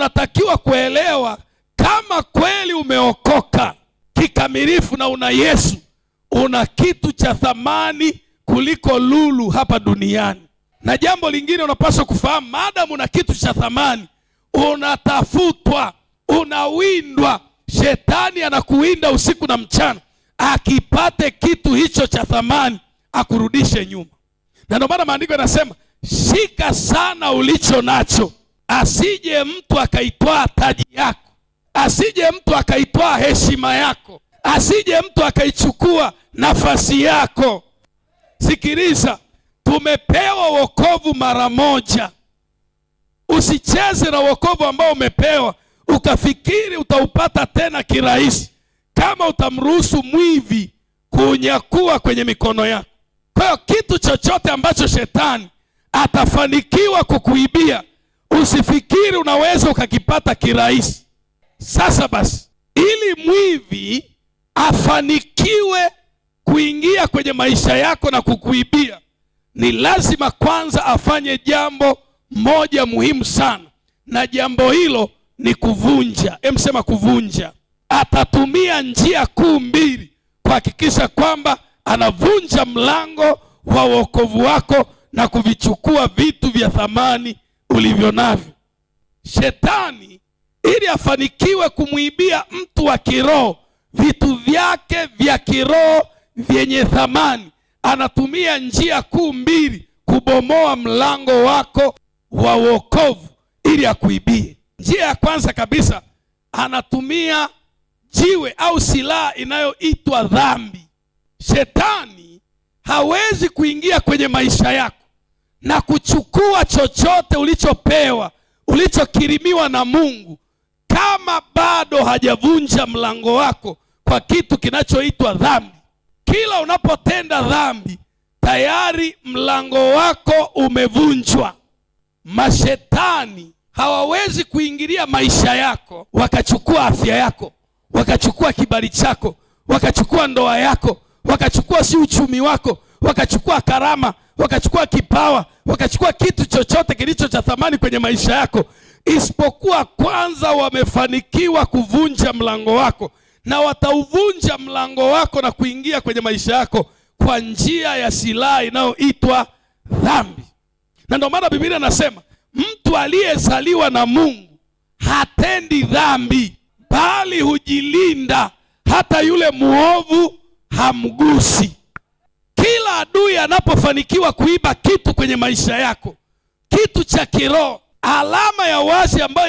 unatakiwa kuelewa kama kweli umeokoka kikamilifu na una Yesu, una kitu cha thamani kuliko lulu hapa duniani. Na jambo lingine unapaswa kufahamu, maadamu una kitu cha thamani, unatafutwa, unawindwa. Shetani anakuwinda usiku na mchana, akipate kitu hicho cha thamani akurudishe nyuma. Na ndio maana maandiko yanasema shika sana ulicho nacho asije mtu akaitwaa taji yako, asije mtu akaitwaa heshima yako, asije mtu akaichukua nafasi yako. Sikiliza, tumepewa wokovu mara moja. Usicheze na wokovu ambao umepewa ukafikiri utaupata tena kirahisi, kama utamruhusu mwivi kuunyakua kwenye mikono yako. Kwa hiyo kitu chochote ambacho shetani atafanikiwa kukuibia Usifikiri unaweza ukakipata kirahisi. Sasa basi, ili mwivi afanikiwe kuingia kwenye maisha yako na kukuibia, ni lazima kwanza afanye jambo moja muhimu sana, na jambo hilo ni kuvunja. Emsema kuvunja. Atatumia njia kuu mbili kuhakikisha kwamba anavunja mlango wa wokovu wako na kuvichukua vitu vya thamani ulivyo navyo. Shetani ili afanikiwe kumwibia mtu wa kiroho vitu vyake vya kiroho vyenye thamani, anatumia njia kuu mbili kubomoa mlango wako wa wokovu ili akuibie. Njia ya kwanza kabisa, anatumia jiwe au silaha inayoitwa dhambi. Shetani hawezi kuingia kwenye maisha yako na kuchukua chochote ulichopewa ulichokirimiwa na Mungu, kama bado hajavunja mlango wako kwa kitu kinachoitwa dhambi. Kila unapotenda dhambi, tayari mlango wako umevunjwa. Mashetani hawawezi kuingilia maisha yako, wakachukua afya yako, wakachukua kibali chako, wakachukua ndoa yako, wakachukua si uchumi wako, wakachukua karama wakachukua kipawa, wakachukua kitu chochote kilicho cha thamani kwenye maisha yako, isipokuwa kwanza wamefanikiwa kuvunja mlango wako, na watauvunja mlango wako na kuingia kwenye maisha yako kwa njia ya silaha inayoitwa dhambi. Na ndio maana Biblia anasema mtu aliyezaliwa na Mungu hatendi dhambi, bali hujilinda, hata yule mwovu hamgusi kila adui anapofanikiwa kuiba kitu kwenye maisha yako, kitu cha kiroho, alama ya wazi ambayo